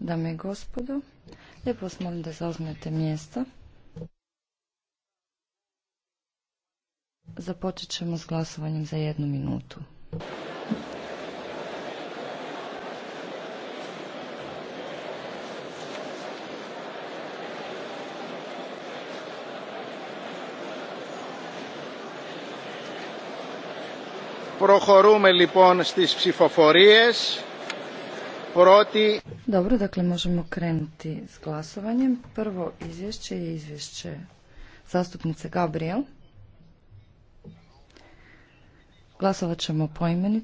Dame i gospodo, lijepo vas molim da zauzmete mjesta. Započet ćemo s glasovanjem za jednu minutu. Dobro, dakle možemo krenuti s glasovanjem. Prvo izvješće je izvješće zastupnice Gabriel. Glasovat ćemo poimeni.